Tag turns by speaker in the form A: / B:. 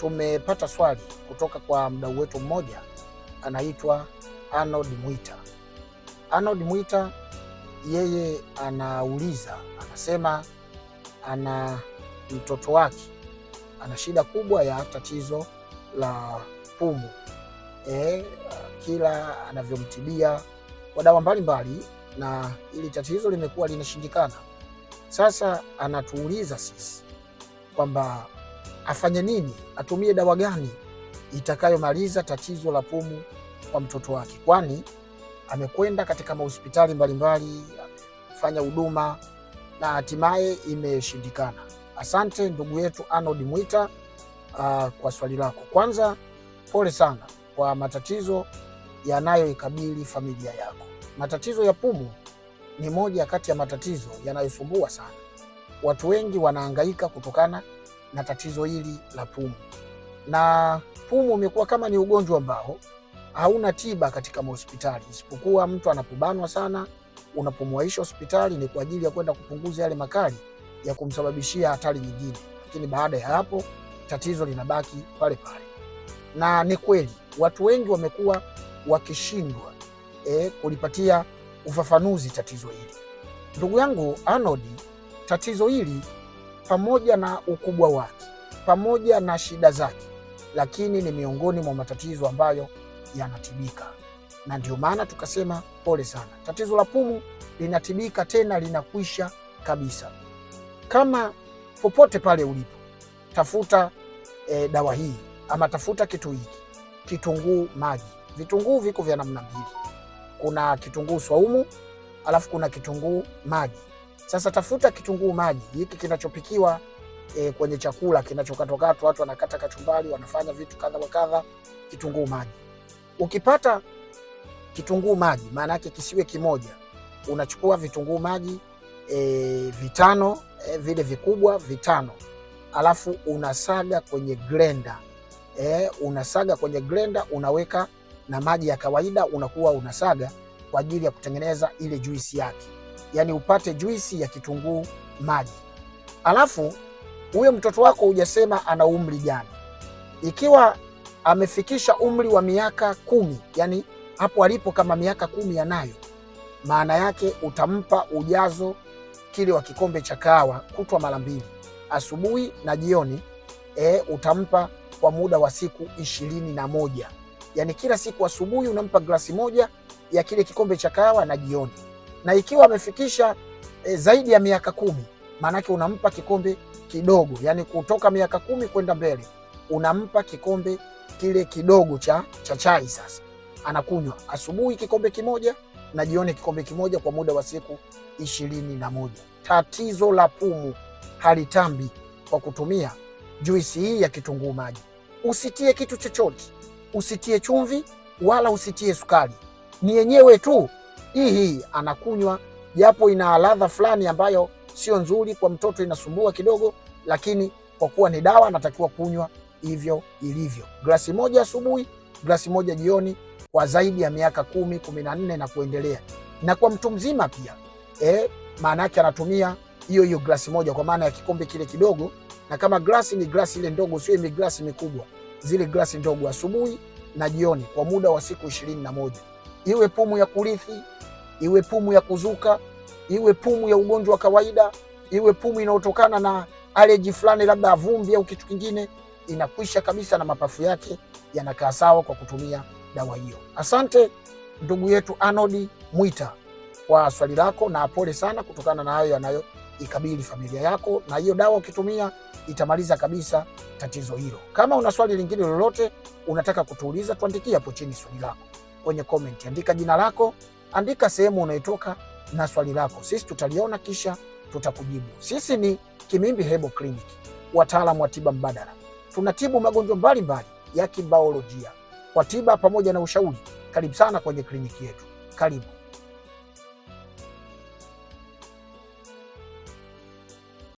A: Tumepata swali kutoka kwa mdau wetu mmoja anaitwa Arnold Mwita. Arnold Mwita yeye anauliza, anasema ana mtoto wake ana shida kubwa ya tatizo la pumu. E, kila anavyomtibia kwa dawa mbalimbali na ili tatizo limekuwa linashindikana. Sasa anatuuliza sisi kwamba afanye nini, atumie dawa gani itakayomaliza tatizo la pumu kwa mtoto wake, kwani amekwenda katika mahospitali mbalimbali amefanya huduma na hatimaye imeshindikana. Asante ndugu yetu Arnold Mwita uh, kwa swali lako. Kwanza pole sana kwa matatizo yanayoikabili familia yako. Matatizo ya pumu ni moja kati ya matatizo yanayosumbua sana. Watu wengi wanaangaika kutokana na tatizo hili la pumu. Na pumu umekuwa kama ni ugonjwa ambao hauna tiba katika mahospitali, isipokuwa mtu anapobanwa sana, unapomwaisha hospitali ni kwa ajili ya kwenda kupunguza yale makali ya kumsababishia hatari nyingine, lakini baada ya hapo tatizo linabaki pale pale. Na ni kweli watu wengi wamekuwa wakishindwa eh, kulipatia ufafanuzi tatizo hili. Ndugu yangu Arnold, tatizo hili pamoja na ukubwa wake, pamoja na shida zake, lakini ni miongoni mwa matatizo ambayo yanatibika, na ndio maana tukasema pole sana. Tatizo la pumu linatibika, tena linakwisha kabisa. Kama popote pale ulipo, tafuta e, dawa hii ama tafuta kitu hiki, kitunguu maji. Vitunguu viko vya namna mbili, kuna kitunguu swaumu alafu kuna kitunguu maji. Sasa tafuta kitunguu maji hiki kinachopikiwa e, kwenye chakula kinachokatwakatwa, watu wanakata kachumbari, wanafanya vitu kadha wa kadha. Kitunguu maji ukipata kitunguu maji, maana yake kisiwe kimoja. Unachukua vitunguu maji e, vitano e, vile vikubwa vitano, alafu unasaga kwenye grenda e, unasaga kwenye grenda, unaweka na maji ya kawaida, unakuwa unasaga kwa ajili ya kutengeneza ile juisi yake yani upate juisi ya kitunguu maji. Alafu huyo mtoto wako hujasema ana umri gani. Ikiwa amefikisha umri wa miaka kumi, yani hapo alipo kama miaka kumi anayo, maana yake utampa ujazo kile wa kikombe cha kahawa kutwa mara mbili, asubuhi na jioni. E, utampa kwa muda wa siku ishirini na moja, yani kila siku asubuhi unampa glasi moja ya kile kikombe cha kahawa na jioni na ikiwa amefikisha e, zaidi ya miaka kumi, maanake unampa kikombe kidogo, yani kutoka miaka kumi kwenda mbele unampa kikombe kile kidogo cha, cha chai. Sasa anakunywa asubuhi kikombe kimoja na jioni kikombe kimoja kwa muda wa siku ishirini na moja. Tatizo la pumu halitambi kwa kutumia juisi hii ya kitunguu maji. Usitie kitu chochote, usitie chumvi wala usitie sukari, ni yenyewe tu hii hii anakunywa, japo ina ladha fulani ambayo sio nzuri kwa mtoto, inasumbua kidogo, lakini kwa kuwa ni dawa anatakiwa kunywa hivyo ilivyo, glasi moja asubuhi, glasi moja jioni, kwa zaidi ya miaka kumi, kumi na nne na kuendelea, na kwa mtu mzima pia e, maana yake anatumia hiyo hiyo glasi moja, kwa maana ya kikombe kile kidogo, na kama glasi ni glasi ile ndogo, sio ile glasi mikubwa, zile glasi ndogo, asubuhi na jioni, kwa muda wa siku ishirini na moja iwe pumu ya kurithi iwe pumu ya kuzuka, iwe pumu ya ugonjwa wa kawaida, iwe pumu inayotokana na aleji fulani, labda avumbi au kitu kingine, inakwisha kabisa na mapafu yake yanakaa sawa kwa kutumia dawa hiyo. Asante ndugu yetu Arnold Mwita kwa swali lako, na pole sana kutokana na hayo yanayoikabili familia yako, na hiyo dawa ukitumia itamaliza kabisa tatizo hilo. Kama una swali lingine lolote unataka kutuuliza, tuandikie hapo chini swali lako kwenye comment, andika jina lako andika sehemu unayotoka na swali lako, sisi tutaliona kisha tutakujibu. Sisi ni Kimimbi Hebo Clinic, wataalamu wa tiba mbadala. Tunatibu magonjwa mbalimbali ya kibaolojia kwa tiba pamoja na ushauri. Karibu sana kwenye kliniki yetu, karibu.